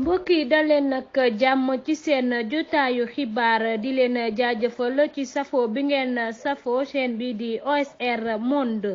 mbokk yi daleen nag jàmm ci seen jotaayu xibaar di leen jaajëfal ci safo bi ngeen safo chaîne bi di OSR Monde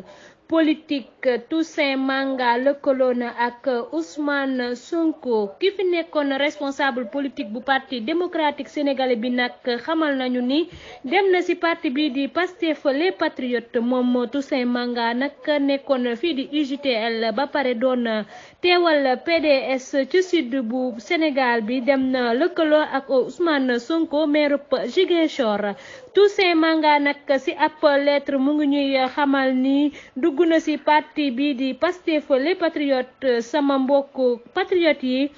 politique Toussaint Manga lëkkaloo na ak Ousmane Sonko ki fi nekkoon responsable politique bu parti démocratique sénégalais bi nag xamal nañu ni dem na ci parti bi di Pastef les patriotes moom Toussaint Manga nag nekkoon fii di UJTL ba pare doon teewal PDS ci sud bu Sénégal bi dem na lëkkaloo ak Ousmane Sonko maire Ziguinchor Toussaint Manga nag ci ab lettre mu ngi ñuy xamal ni dugg dugg na ci parti bii di Pastef les sama mbokk patriote yi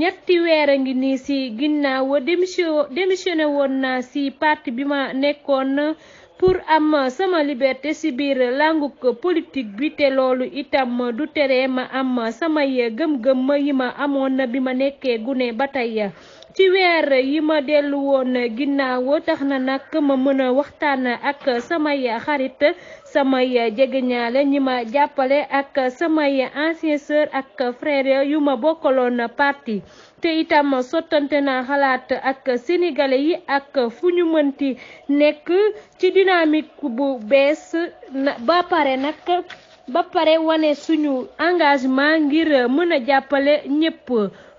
ñetti weer a ngi nii ci ginnaaw démissionné woon naa ci parti bi ma nekkoon pour am sama liberté ci biir langu politique bi te loolu itam du tere ma am sama samay gëm-gëm yi ma amoon na bi ma nekkee gune ba tey ci weer yi ma dellu woon ginnaaw tax na nag ma mën a waxtaan ak samay xarit samay jegeñaale ñi ma jàppale ak samay ancien sœur ak frère yu ma bokkaloon parti te itam sottante na xalaat ak sénégalais yi ak fu ñu mënti nekk ci dynamique bu bees ba pare nag ba pare wane suñu engagement ngir mën a jàppale ñépp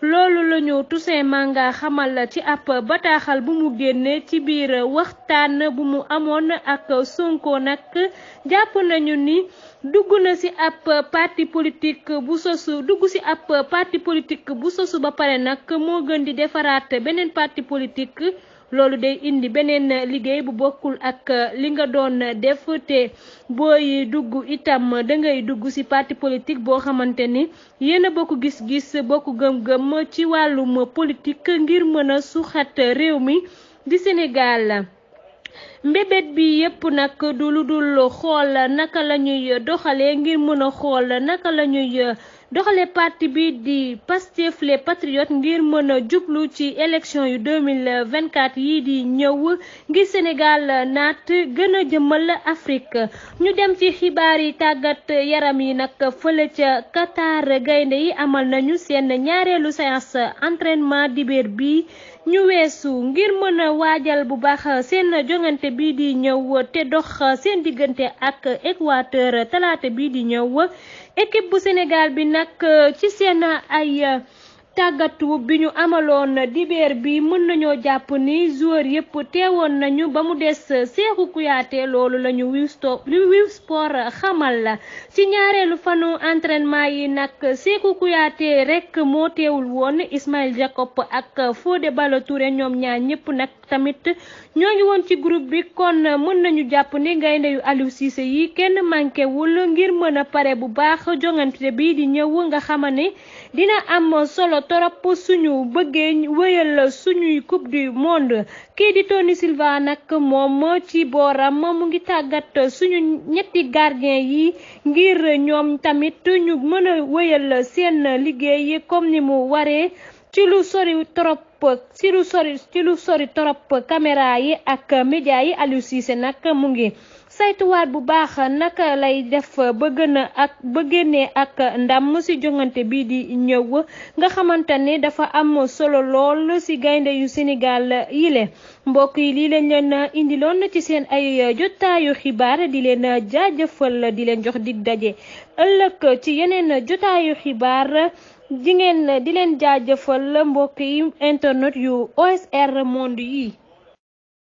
loolu la ñu Toussaint Manga xamal ci ab bataaxal bu mu génnee ci biir waxtaan bu mu amoon ak Sonko nag jàpp nañu ni dugg na ci ab parti politique bu sosu dugg ci ab parti politique bu sosu ba pare nag moo gën di defaraat beneen parti politique. loolu day indi beneen liggéey bu bokkul ak euh, li nga doon def te booy dugg itam dangay dugg ci parti politique boo xamante ni yéen a bokk gis-gis bokk gëm-gëm ci wàllum politik ngir mën a suxat réew mi di Sénégal. mbébét bi yépp nag du lu dul xool naka lañuy ñuy doxalee ngir mën a xool naka la ñuy. Euh, doxale parti bi di Pastef les ngir mën a jublu ci élection yu 2024 yii di ñëw ngir Sénégal naat gën a jëmal Afrique ñu dem ci xibaar yi tàggat yaram yi nag fële ca Qatar gaynde yi amal nañu seen ñaareelu séance entrainement dibéer bi ñu weesu ngir mën a waajal bu baax seen jongante bii di ñëw te dox seen diggante ak Équateur talaata bii di ñëw équipe bu Sénégal bi nag ci seen ay. tàggatu bi ñu amaloon dibeer bi mën nañoo jàpp ni joueur yépp teewoon nañu ba mu des Cheikhou Kouyaté loolu la ñu wiw sport xamal la ci ñaareelu fanu entrainement yi nag Cheikhou Kouyaté rek moo teewul woon Ismail Jacob ak Fodé Ballo-Touré ñoom ñaar ñépp nag tamit ñoo ngi woon ci groupe bi kon mën nañu jàpp ni gaynde yu Aliou Cissé yi kenn manqué wul ngir mën a pare bu baax jongante bi di ñëw nga xama dina am solo torop suñu bëggee wéyal suñuy coupe du monde kii di Tony Silva nag moom ci booram mu ngi tàggat suñu ñetti gardien yi ngir ñoom tamit ñu mën a wéyal seen liggéey comme ni mu waree ci lu sori torop ci lu sori torop caméra yi ak média yi Aliou Cissé nag mu ngi saytuwaat bu baax naka lay def ba gën ak ba génnee ak ndam ci joŋante bi di ñëw nga xamante ne dafa am solo lool ci gaynde yu Sénégal yile mbokk yi lii lañ leen indiloon ci seen ay jotaayu xibaar di leen jaajëfal di leen jox di daje ëllëg ci yeneen jotaayu xibaar di di leen jaajëfal mbokk yi internet yu OSR Monde yi.